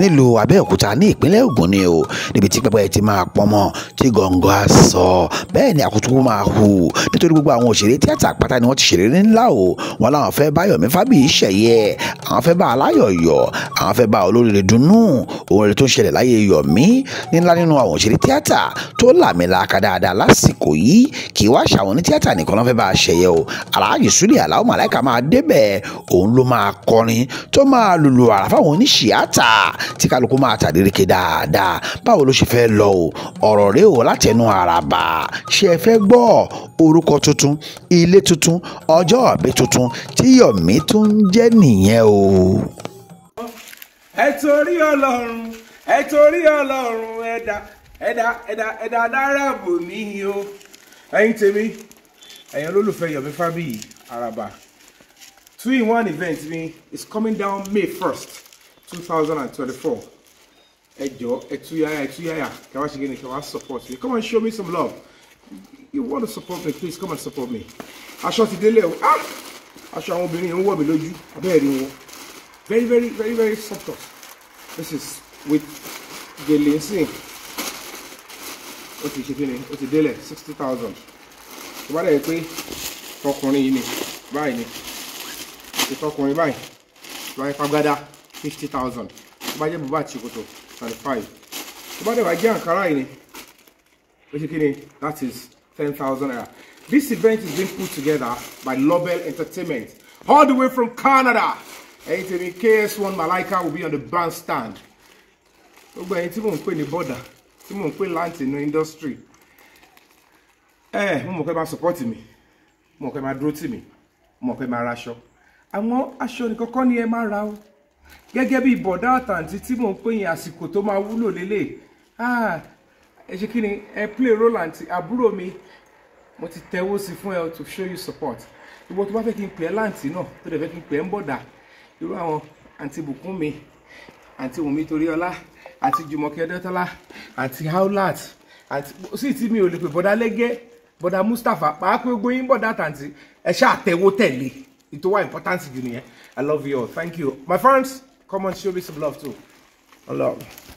nílùú Abẹ́òkúta ní ìpínlẹ̀ Ògùn ni o níbi tí pẹpẹ ti máa pọnmọ tí gọ̀ǹgọ̀ á sọ bẹ́ẹ̀ ni àkútú máa hù nítorí gbogbo àwọn òṣèré tíátà pátá ni wọ́n ti ṣèrè ńlá o wọn làwọn fẹ́ mi Fábíyìí ṣẹ̀yẹ àwọn fẹ́ bá aláyọ̀yọ̀ àwọn fẹ́ bá olóríire dunnú ohun rere tó ń ṣẹlẹ̀ láyé yọ̀mí nílá nínú àwọn òṣèré tíátà tó làmìlaka dáadáa lásìkò yìí kì í wá ṣàwọn ní tíátà nìkan ló fẹ́ bá a ṣẹ̀yẹ o aláàjì súlẹ̀ aláwọ̀ màláìka máa débẹ̀ òun ló máa kọrin tó máa lùlù àrà fáwọn oníṣìátà tí kálukú máa tàdéréke dáadáa báwo ló ṣe fẹ́ lọ o ọ̀rọ̀ rẹ o látẹnu àràbà ṣe fẹ́ gbọ́ orúkọ tuntun ilé tuntun ọjọ́ ọ̀bẹ tuntun tí yọ̀mí tún jẹ́ nìyẹn o o. ẹ torí ọlọ́run ẹ torí ọlọ́run ẹ̀dá ẹ̀dá ẹ̀dá ẹ̀dá dáràbò níyì o ẹ̀yin tèmi ẹ̀yin olólùfẹ́ Yomi Fabiyi Araba two in one event mi is coming down May first two thousand and twenty-four ẹ jọ̀ọ́ ẹ túyáyà ṣe kí ni kí support me come and show me some love you want to support me please come and support me aṣọ ti délé o ah! aṣọ àwọn obìnrin yẹn ń wọ̀ mí lójú abẹ́ẹ̀rí wọn very very very very soft this is with gèlè nsìn ó ti ṣe kí ni ti délẹ̀ sixty thousand tó bá dẹ̀ pé tọkùnrin yìí ni báyìí ni ti tọkùnrin báyìí tó bá yẹ pàgádà fifty thousand tó bá jẹ́ bùbá àti ṣòkòtò thirty five tó bá dẹ̀ bá jẹ́ àǹkárá yìí ni ó ṣe kí that is ten thousand naira this event is being put together by Lobel Entertainment all the way from Canada ẹ̀yin tèmi ks1 malaika will be on the bandstand gbogbo ẹ̀yin tí mò ń pè ní bọ́dà tí mò ń pè láǹtì ní indọ́strì ẹ mo mọ̀ pé máa support mi mo mọ̀ pé máa dúró tì mí mo mọ̀ pé máa raṣọ àwọn aṣọ nìkan kọ́ ni ẹ máa ra o gẹ́gẹ́ bí bọ̀dá àtàǹtí tí mò ń pè yín àsìkò tó máa wúlò lélẹ̀ ẹ ṣe kí ni ẹ play role àǹtí àbúrò mi mo ti tẹ́wọ́ sí fún ẹ to show you support ìwọ tó bá fẹ́ kí n pè ẹ́ láǹtì náà tó dẹ̀ fẹ́ kí n irú àwọn àǹtí Bùkúnmi àǹtí Wùmí Toríọlá àti Jùmọ̀kẹ́ Ọdẹ́tọ́lá àti Howlat àti sí tí mi ò lè pè bọ́dá Lẹ́gẹ́ bọ́dá Mustapha pàápàá gbogbo yín bọ́dá tàǹtí ẹ ṣáà tẹ̀wó tẹ̀lé ètò wa important jù nìyẹn I love you all thank you my friends come on show me some love too I love.